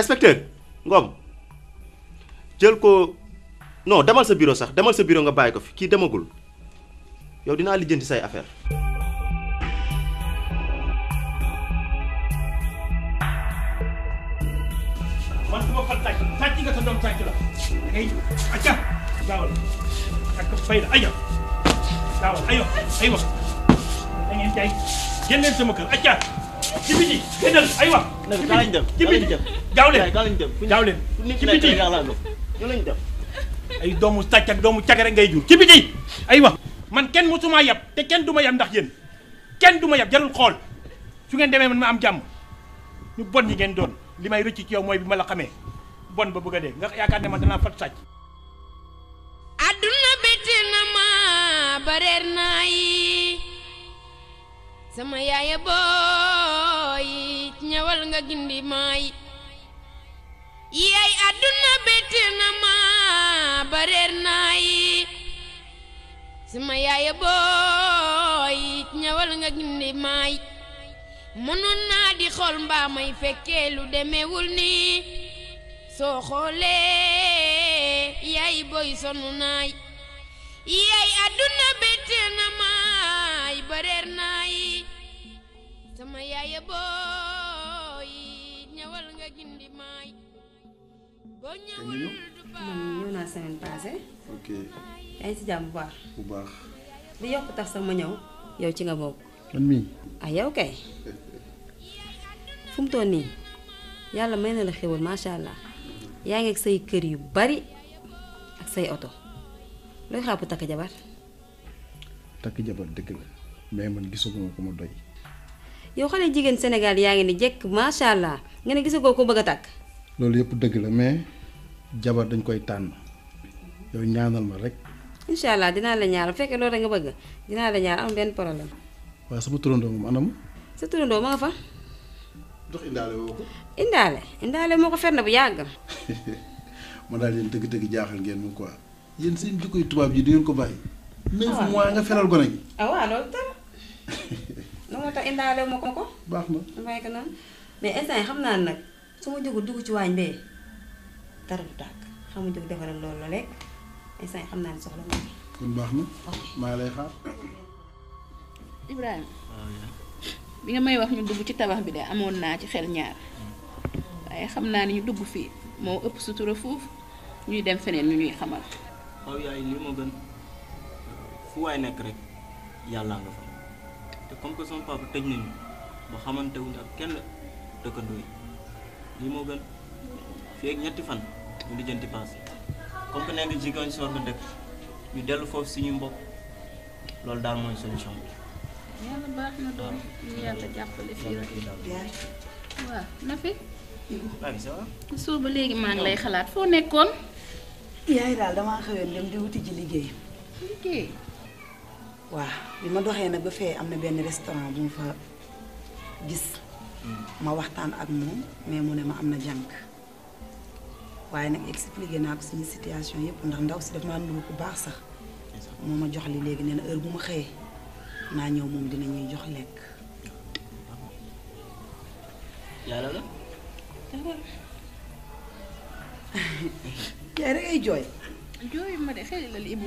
inspecteur Ngom jël ko non demal sa bureau sax demal sa bureau nga bay ko fi ki demagul yow dinaa lijjanti say affaire man du ma fal sàcc aja. nga sa doom sàcc la da ngay acca gaawal ak fay aja ayo sama ci biti génnal aywa lañ dem ci biti gaaw leen gaaw leen dem gaaw leen ci biti ñu lañ dem ay doomu sàcc ak doomu cagare ngay jur ci biti aywa man kenn musuma yab te kenn duma yab dah yen, kenn duma yap jalur xool su ngeen demee man ma am jàmm ñu bon ñi ngeen doon li may rëcc ci yow mooy bi bon ba bëgg a dee nga yaakaar ne fat sàcc àdduna bette na ma bareer naa yi sama yaaya boo yi ñëwal nga na ma ba reer naa yi sama yaaya booy ñëwal nga gindi maay mënoon naa di xool mbaa may fekkee lu demewul nii soo xoolee yaay booy sonu naay yaay àdduna bette na maay ba reer naa yi sama yaaye booy ñëwal nga gindi maay boo ñëwal du baax man ñëw naa semaine passée ok yaa ngi si jàmm bu baax bu baax li yokk tax sama ñëw yow ci nga bokk man mii ah yow kay fu mu toll nii yàlla may na la xéwal allah yaa ngi ak say kër yu bari ak say oto looy xàpp takk jabar takk jabar dëgg la mais man gisuma ko ma doy yow xalé jigen Sénégal yaangi ni jek ma sha allah nga ne gisagoo ko bëgg tak loolu yëpp dëgg la mais jabar dañ koy tan yow ñaanal ma rek. insha allah dina la ñaar bu loolu nga bëgg dina la ñaar am ben problème. wa sama turundo moom anam. sa turundo ma nga fa. dox indaale woko ko. indaale moko fenn bu yàgg. ma dal yeen dëgg-dëgg jaaxal ngeen mu quoi yeen seen jukuy tubab ji di ngeen ko bàyyi. Ah, neuf mois nga feral gone ah waaw tam. lu moo tax indaale wu ko ma ko. ma na bàyyi mais instant xam naa nag su ma jógul dugg ci waañ bee dara du tàkk xam nga jóg defaral loolu la lekk instant yi xam naa ne soxla ma ko. kon baax na. lay xaar. Ibrahima. Ah, bi nga may wax ñu dugg ci tabax bi de amoon naa ci xel ñaar waaye xam naa ni ñu dugg fii moo ëpp sutura foofu ñuy dem feneen ñu ñuy xamal. waaw yaay fu waay nekk rek yàlla nga fa. te comme que sama papa tëj nañu ba xamante wuñu ak kenn dëkkandoo lii moo gën fii ak ñetti fan ñu lijjanti paas comme que nee nga jigéen ñu dellu foofu suñuy mbokk loolu daal mooy solution bi. yàlla baax soo ba léegi maa ngi lay xalaat foo nekkoon. yaay daal damaa xëyoon dem di wuti ji liggéey. liggéey. waaw bi ma doxee nag ba fee am na benn restaurant bu ma fa gis mm. ma waxtaan ak moom mais mu ne ma am na jànk waaye nag expliqué naa ko suñu situation yëpp ndax ndaw si daf maa baax sax moo ma jox li léegi nee na bu ma xëyee naa ñëw moom dina ñuy jox lekk yàlla la ay jooy jooy ma de xëy la li bu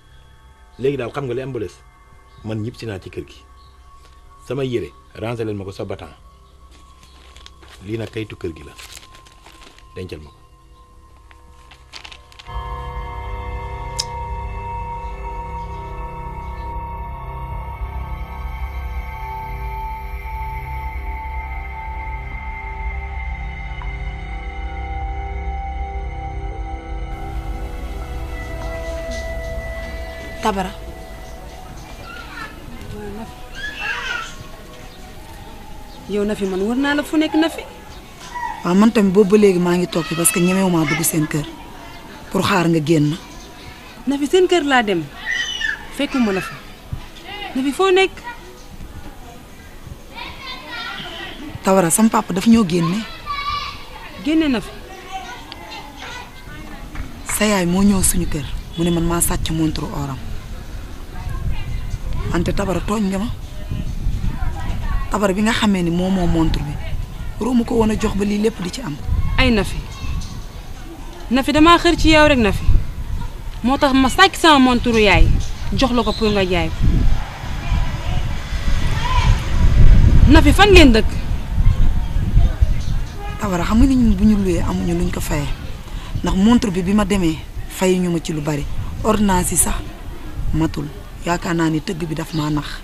léegi daal xam nga li am man ñëpp si naa ci kër gi sama yére ranger leen ma ko sa batan lii nag kayitu kër gi la dencal ma ko. tabara yow na fi man war naa la fu nekk nafi fi waaw man tamit boobu ba léegi maa ngi toog fi parce que ñemewumaa dugg seen kër pour xaar nga génn na seen kër laa dem fekkuma la fa foo nekk tawara sam papa daf ñoo génne génne na fi sa yaay moo ñëw suñu kër mu ne man maa sàcc montre oram ante tabara tooñ nga ma tabara bi nga xamee ni moom moo montre bi roomu ko woon a jox ba lii lépp di ci am ay Nafi Nafi damaa xër ci yow rek Nafi moo tax ma sàcc sama montre yaay jox la ko pour nga jaay ko Nafi fan ngeen dëkk tabara xam nga ni ñun bu ñu luyee amuñu luñ ko fayee ndax montre bi bi ma demee fayuñu ma ci lu bari ordonnance yi sax matul yaakaar ni teug bi daf ma nax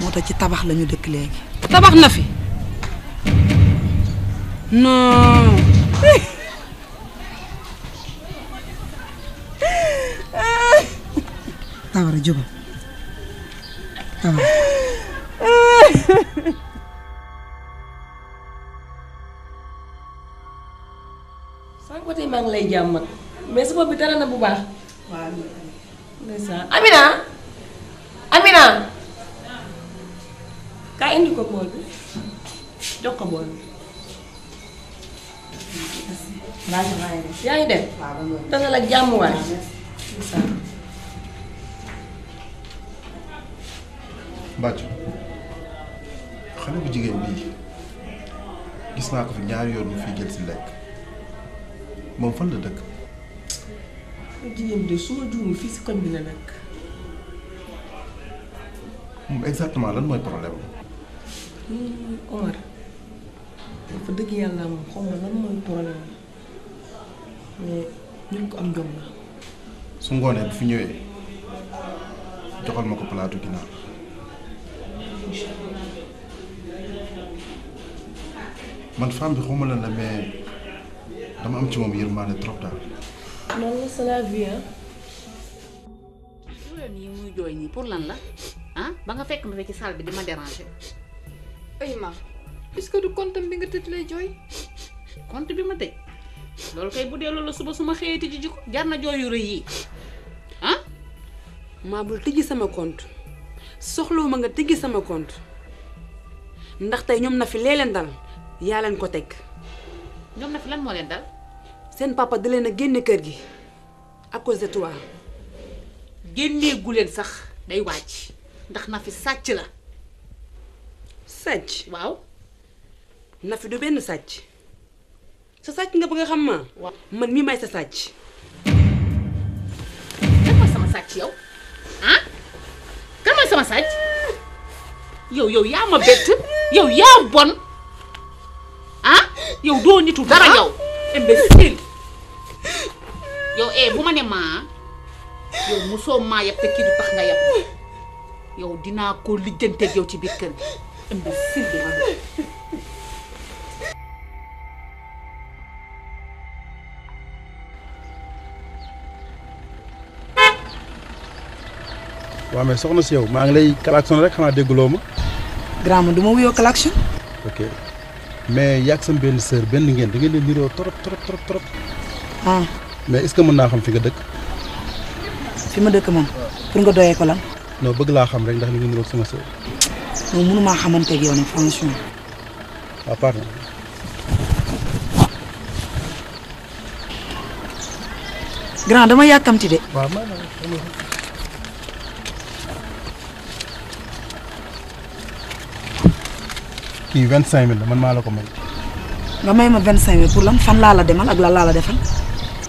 moo ci tabax lañu dëkk léegi tabax na fi non tawara jubal tawara sànq ba tey maa ngi lay jàmmal mais suba bi dara na bu baax waaw Amina Amina kaa indi ko bool bi jox ko bool bi. yaa ngi dem dalal jàmm waay. Mbacco xale bu jigéen bii gis naa ko fi ñaari yoon mu fi jël lekk moom fan la dëkk. jigéen su ma juumul fii si koñ bi la nag. moom exactement lan mooy problème bi. Omar dafa xaw ma lan mooy problème mais ko am jom la. su ngoonee bu ma ko palaatu man femme bi xaw mais dama am ci moom yërmaane trop daal. loolu la c'est la vie ah. problème yi muy jooy nii pour lan la ah ba nga fekk ma fi ci salle bi di ma déranger. ay ma est que du compte bi nga tëj lay jooy. compte bi ma tëj loolu kay bu dee loolu suba su ma xëyee tëj ji jar na jooy yu rëy yi ah. maa bul sama compte soxlawu ma nga tëjji sama compte ndax tey ñoom na fi lee leen dal yaa leen ko teg. ñoom na fi lan moo leen dal. seen papa daleen a génne kër gi à cause de toi génneegu leen sax day wàcc ndax Nafi sàcc la. sàcc waaw. Nafi du benn sàcc sa sàcc nga bëgg a xam ma. waaw man mii may sa sàcc. kan mooy sama sàcc yow ah kan sama sàcc yow yow yaa ma bett yow yaa bon ah yow doo nitu dara ah? yow imbécile. Yo, eh bu ma ne ma ma musoo ma yab te ki du tax nga yab yo dina ko lijeenté yow ci biir kër gi ëmbi sil bi ma wa mais soxna ci yow ma ngi lay klaxon rek xana dégguloo ma. grand ma du ma klaxon. ok mais yak sa ben sœur ben ngeen da ngeen di niro trop trop trop trop. ah. mais est que mën naa xam fi nga dëkk. fi ma dëkk moom. pour nga doyee ko lan. non bëgg laa xam rek ndax ñu ngi niroog sama sœur. non mënumaa xamante ak yow ah, grand dama yàkkamti de. kii vingt cinq mille la man maa la ko may. nga may ma vingt cinq mille pour lan fan laa la demal ak lan laa la defal.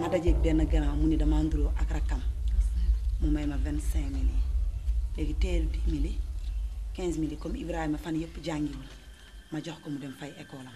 ma dajeeg benn grand mu ni damaa nduroo ak rakkam mu may ma vingt cinq mille yi léegi teeru dix mille quinze mille comme Ibrahima fan yëpp jàngiwul ma jox ko mu dem fay école